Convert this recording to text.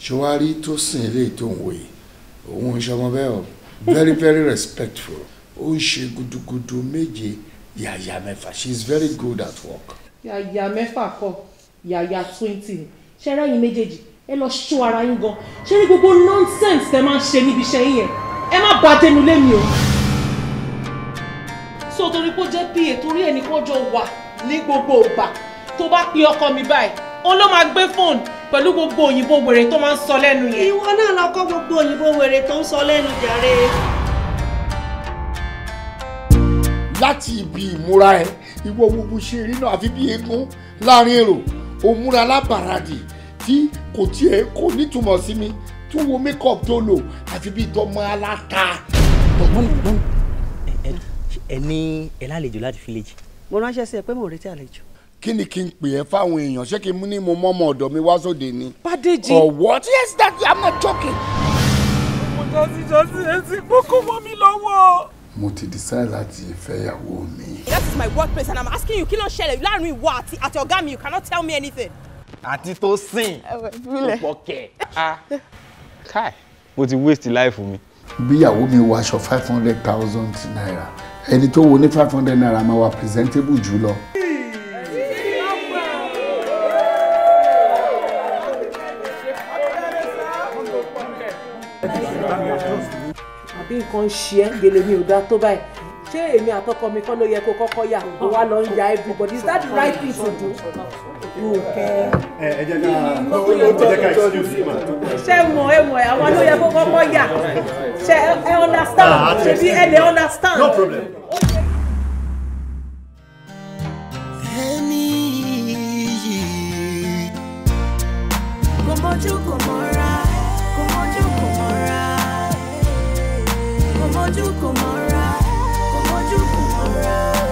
ṣọwárí tó sìn eléyìí tó ń wòye òun ìṣọmọ bẹ́ẹ̀ o very very respectful ó ń ṣe gudugudu méje yàyà mẹ́fà she is very good at work. yàyà mẹ́fà kọ yàyà twenty ṣẹ́rẹ́ yín méjèèjì ẹ lọ ṣó ara yín gan ṣé ní gbogbo nonsense tẹ máa ń ṣe níbi iṣẹ́ yín yẹn ẹ má bà tẹnu lé mi o. so torí kó jẹ́ pa torí ẹnì kan jọ wà ní gbogbo ìgbà tó bá pe ọkọ mi báyìí òun ló máa gbé fóònù pẹ̀lú gbogbo òyìnbó wèrè tó máa ń sọ lẹ́nu yẹn. ìwọ náà lọ kọ́ gbogbo òyìnbó wèrè tó ń sọ lẹ́nu jàre. láti ibi ìmúra ẹ ìwọ wo ṣe rí náà àfi bí eégún láàrin èrò òmúra lábàradì tí kò tiẹ̀ kò nítumọ̀ sí mi tó wo makeup tó lò àfi bí tọmọ aláta. ẹ ẹ lálejò láti fi lè jì. mo ránṣẹ́ sí ẹ pé mo retí àlejò kí ni kí n pè ẹ́ fáwọn èèyàn ṣé kí n mú ní mo mọ́ ọmọ ọ̀dọ̀ mi wá sóde ni. Bàdéjì or what? yes that I'm not joking. mo jọ́sí jọ́sí etí kókó mọ́ mi lọ́wọ́. mo ti decide láti fẹ́yàwó mi. that is my workplace and I'm asking you kí ló ń ṣẹlẹ̀ láàrin ìwọ àti àti ọ̀gá mi you cannot tell me anything. àti tó sìn púpọ̀ kẹ̀ ah. Kai, káì mo ti waste life mi. bíyàwó mi wọ aṣọ five hundred thousand naira ẹni tó wo ní five hundred naira máa wà presentable jù àbí nǹkan ṣe ẹ́ gèlè mi ò dáa tó báyìí ṣé èmi àtọkọ mi kọ́ ló yẹ kó kọ́kọ́ yà kó wá lọ ń ya everybody is that the right thing to do. ẹ ẹ jẹ́ ká jẹ́ ká excuse ma. ṣé mọ ẹ mọ ẹ àwọn ló yẹ kó kọ́kọ́ yà ṣé ẹ understand ah, ah, ṣebí ẹ lè understand. no problem. ẹni yìí kò mọ̀jú kò mọ̀ra. mojú kò mọ́ra kò mojú kò mọ́ra.